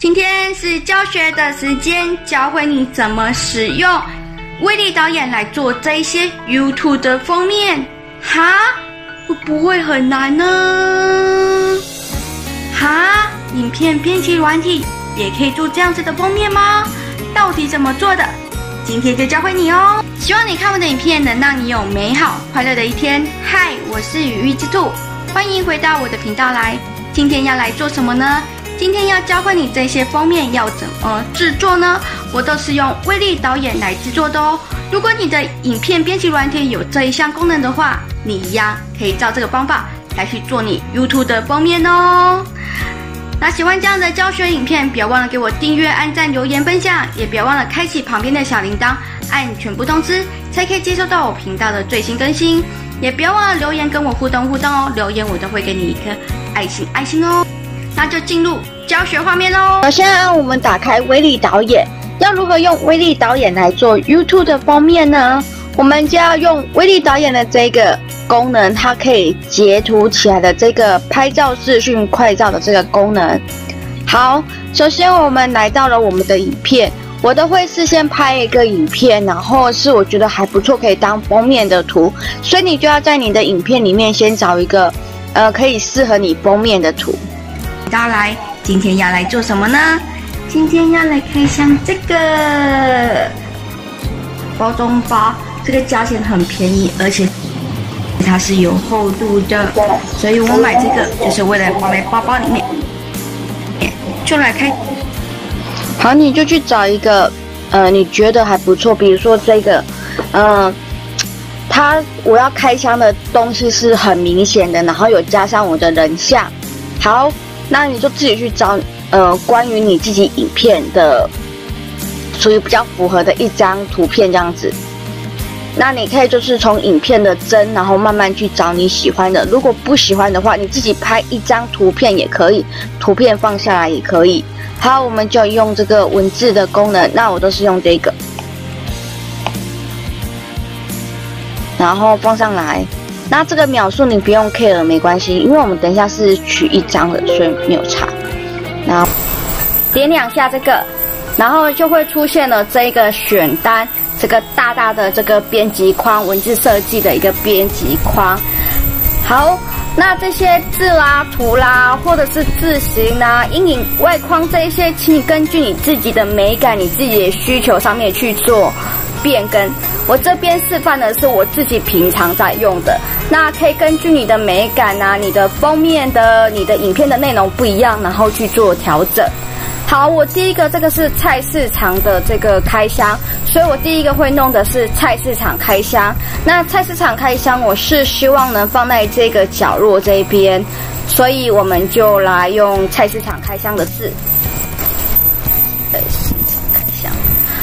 今天是教學的時間，教會你怎麼使用威力導演來做這些 YouTube 的封面。哈，會不會很難呢？哈，影片編輯軟體也可以做這樣子的封面嗎？到底怎麼做的？今天就教會你哦。希望你看我的影片能讓你有美好快樂的一天。嗨，我是羽翼之兔，歡迎回到我的頻道來。今天要來做什麼呢？今天要教會你這些封面要怎麼製作呢？我都是用威力導演來製作的哦。如果你的影片編輯軟件有這一項功能的話，你一樣可以照這個方法來去做你 YouTube 的封面哦。那喜歡這樣的教學影片，不要忘了給我訂閱、按讚、留言、分享，也別忘了開啟旁邊的小鈴鐺，按全部通知，才可以接收到我頻道的最新更新。也別忘了留言跟我互動互動哦，留言我都會給你一顆愛心，愛心哦。那就進入教學畫面嘍。首先呢，我們打開威力導演。要如何用威力導演來做 YouTube 的封面呢？我們就要用威力導演的這個功能，它可以截圖起來的這個拍照、視訊、快照的這個功能。好，首先我們來到了我們的影片。我都會事先拍一個影片，然後是我覺得還不錯，可以當封面的圖。所以你就要在你的影片裡面先找一個，呃，可以適合你封面的圖。到來，今天要來做什麼呢？今天要來開箱這個包中包，這個價錢很便宜，而且它是有厚度的，所以我買這個就是為了放在包包裡面。就來開，好，你就去找一個，呃，你覺得還不錯，比如說這個，嗯、呃，它我要開箱的東西是很明顯的，然後有加上我的人像，好。那你就自己去找，呃，關於你自己影片的，屬於比較符合的一張圖片這樣子。那你可以就是從影片的幀，然後慢慢去找你喜歡的。如果不喜歡的話，你自己拍一張圖片也可以，圖片放下來也可以。好，我們就用這個文字的功能。那我都是用這個，然後放上來。那這個秒數你不用 care，沒關係，因為我們等一下是取一張的，所以沒有差。然後點兩下這個，然後就會出現了這一個選單，這個大大的這個編輯框，文字設計的一個編輯框。好，那這些字啦、啊、圖啦、啊，或者是字型啦、啊、陰影、外框這一些，請你根據你自己的美感、你自己的需求上面去做變更。我這邊示範的是我自己平常在用的，那可以根據你的美感啊、你的封面的、你的影片的內容不一樣，然後去做調整。好，我第一個這個是菜市場的這個開箱，所以我第一個會弄的是菜市場開箱。那菜市場開箱，我是希望能放在這個角落這邊，所以我們就來用菜市場開箱的字。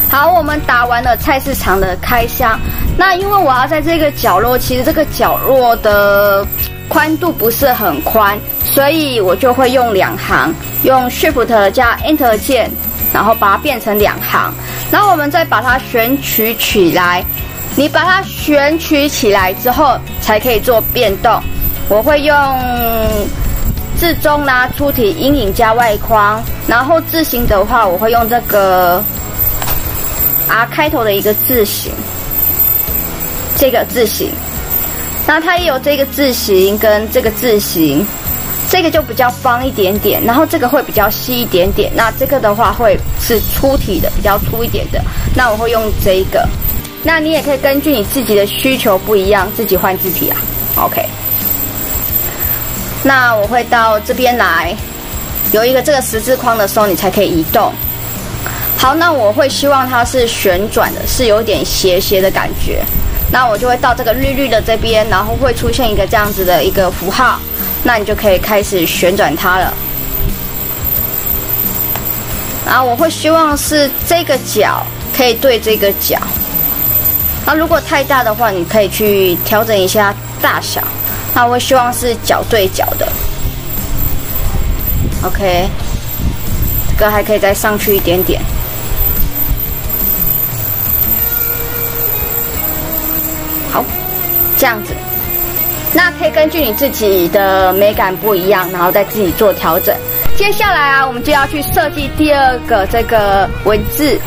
好，我們打完了菜市場的開箱。那因為我要在這個角落，其實這個角落的寬度不是很寬，所以我就會用兩行，用 Shift 加 Enter 鍵，然後把它變成兩行。然後我們再把它選取起來。你把它選取起來之後，才可以做變動。我會用字中啦，粗體陰影加外框，然後字型的話，我會用這個。啊，開頭的一個字型，這個字型，那它也有這個字型跟這個字型，這個就比較方一點點，然後這個會比較細一點點，那這個的話會是粗體的，比較粗一點的，那我會用這一個，那你也可以根據你自己的需求不一樣，自己換字體啊，OK。那我會到這邊來，有一個這個十字框的時候，你才可以移動。好，那我會希望它是旋轉的，是有點斜斜的感覺。那我就會到這個綠綠的這邊，然後會出現一個這樣子的一個符號。那你就可以開始旋轉它了。啊，我會希望是這個角可以對這個角。那如果太大的話，你可以去調整一下大小。那我會希望是角對角的。OK，這個還可以再上去一點點。好這樣子，那可以根據你自己的美感不一樣，然後再自己做調整。接下來啊，我們就要去設計第二個這個文字。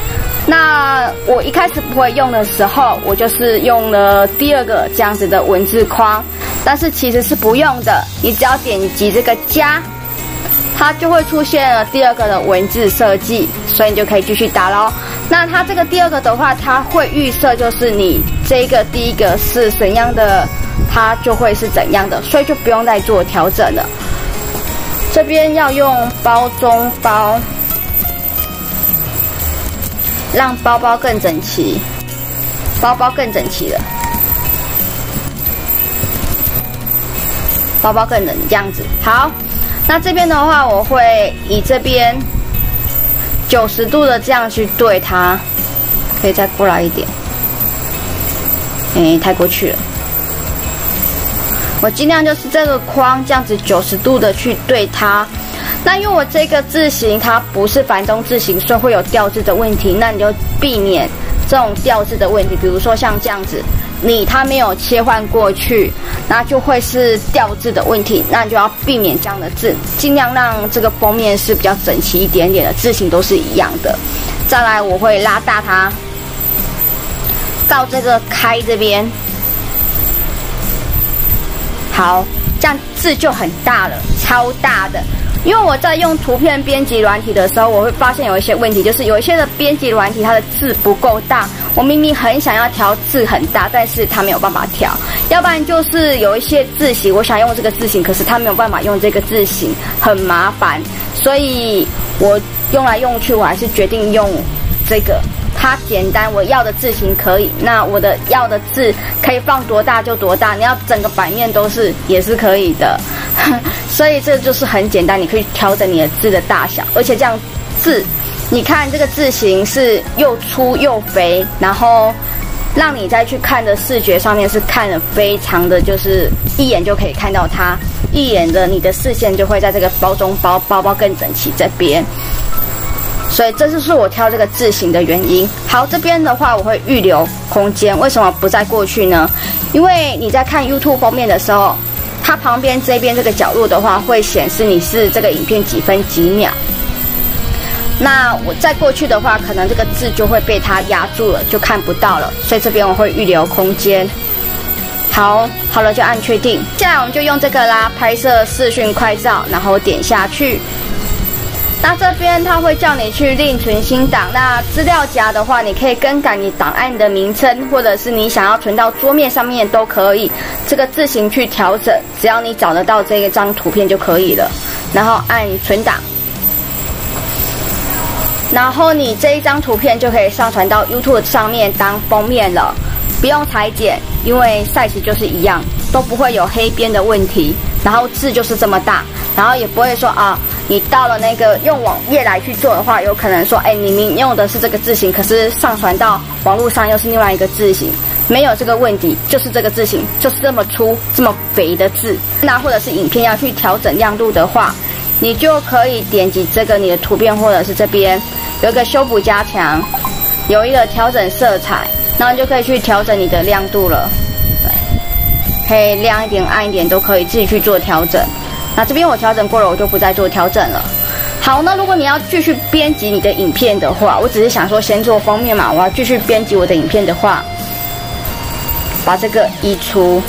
那我一開始不會用的時候，我就是用了第二個這樣子的文字框，但是其實是不用的。你只要點擊這個加，它就會出現了第二個的文字設計，所以你就可以繼續打咯。那它這個第二個的話，它會預設就是你。這一個第一個是怎樣的，它就會是怎樣的，所以就不用再做調整了。這邊要用包中包，讓包包更整齊，包包更整齊了，包包更整這樣子。好，那這邊的話，我會以這邊90度的這樣去對它，可以再過來一點。誒，太過去了。我盡量就是這個框這樣子九十度的去對它。那因為我這個字形它不是繁中字形，所以會有掉字的問題。那你就避免這種掉字的問題。比如說像這樣子，你它沒有切換過去，那就會是掉字的問題。那你就要避免這樣的字，盡量讓這個封面是比較整齊一點點的，字形都是一樣的。再來，我會拉大它。到這個開這邊，好，這樣字就很大了，超大的。因為我在用圖片編輯軟體的時候，我會發現有一些問題，就是有一些的編輯軟體它的字不夠大，我明明很想要調字很大，但是它沒有辦法調。要不然就是有一些字型，我想用這個字型，可是它沒有辦法用這個字型，很麻煩。所以我用來用去，我還是決定用這個。它簡單，我要的字型可以，那我的要的字可以放多大就多大，你要整個版面都是也是可以的， 所以這就是很簡單，你可以調整你的字的大小，而且這樣字，你看這個字型是又粗又肥，然後讓你再去看的視覺上面是看的非常的就是一眼就可以看到它，一眼的你的視線就會在這個包中包包包更整齊這邊。所以這就是我挑這個字型的原因。好，這邊的話我會預留空間，為什麼不再過去呢？因為你在看 YouTube 封面的時候，它旁邊這邊這個角落的話會顯示你是這個影片幾分幾秒。那我再過去的話，可能這個字就會被它壓住了，就看不到了。所以這邊我會預留空間。好，好了，就按確定。接下來我們就用這個啦，拍攝視訊快照，然後點下去。那這邊它會叫你去另存新檔。那資料夾的話，你可以更改你檔案的名稱，或者是你想要存到桌面上面都可以，這個自行去調整。只要你找得到這一張圖片就可以了，然後按存檔，然後你這一張圖片就可以上傳到 YouTube 上面當封面了，不用裁剪，因為 size 就是一樣，都不會有黑邊的問題，然後字就是這麼大，然後也不會說啊。你到了那個用網頁來去做的話，有可能說，哎、欸，你們用的是這個字型，可是上傳到網絡上又是另外一個字型。沒有這個問題，就是這個字型，就是這麼粗這麼肥的字。那或者是影片要去調整亮度的話，你就可以點擊這個你的圖片，或者是這邊有一個修補加強，有一個調整色彩，然後你就可以去調整你的亮度了。可以亮一點，暗一點都可以，自己去做調整。那這邊我調整過了，我就不再做調整了。好，那如果你要繼續編輯你的影片的話，我只是想說先做封面嘛。我要繼續編輯我的影片的話，把這個移除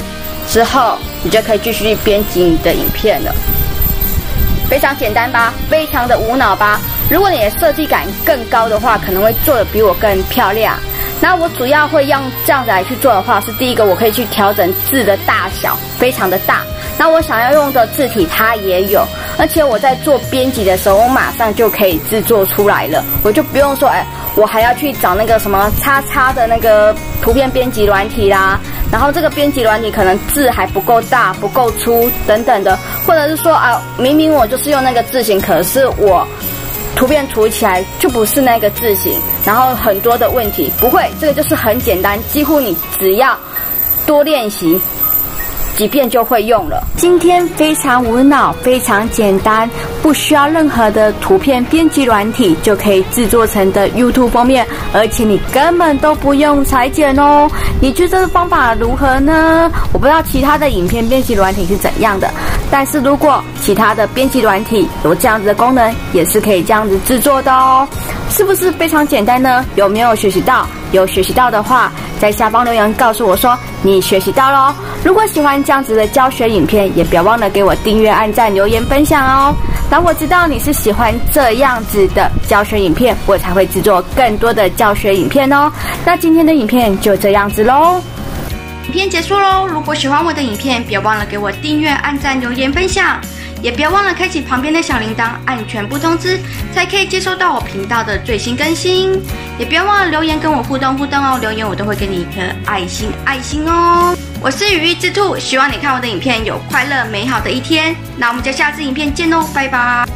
之後，你就可以繼續編輯你的影片了。非常簡單吧？非常的無腦吧？如果你的設計感更高的話，可能會做的比我更漂亮。那我主要會用這樣子來去做的話，是第一個，我可以去調整字的大小，非常的大。那我想要用的字體它也有，而且我在做編輯的時候，我馬上就可以製作出來了，我就不用說，哎、欸，我還要去找那個什麼叉叉的那個圖片編輯軟體啦。然後這個編輯軟體可能字還不夠大、不夠粗等等的，或者是說啊，明明我就是用那個字型，可是我圖片塗起來就不是那個字型，然後很多的問題，不會，這個就是很簡單，幾乎你只要多練習，幾遍就會用了。今天非常無腦，非常簡單，不需要任何的圖片編輯軟體就可以制作成的 YouTube 封面，而且你根本都不用裁剪哦。你覺得這個方法如何呢？我不知道其他的影片編輯軟體是怎樣的，但是如果其他的編輯軟體有這樣子的功能，也是可以這樣子制作的哦。是不是非常簡單呢？有沒有學習到？有學習到的話，在下方留言告訴我說。你學習到嘍！如果喜歡這樣子的教學影片，也別忘了給我訂閱、按讚、留言、分享哦。當我知道你是喜歡這樣子的教學影片，我才會製作更多的教學影片哦。那今天的影片就這樣子嘍，影片結束嘍。如果喜歡我的影片，別忘了給我訂閱、按讚、留言、分享。也不要忘了開啟旁邊的小鈴鐺，按全部通知，才可以接收到我頻道的最新更新。也不要忘了留言跟我互動互動哦，留言我都會給你一顆愛心愛心哦。我是羽翼之兔，希望你看我的影片有快樂美好的一天。那我們就下次影片見嘍，哦，拜拜。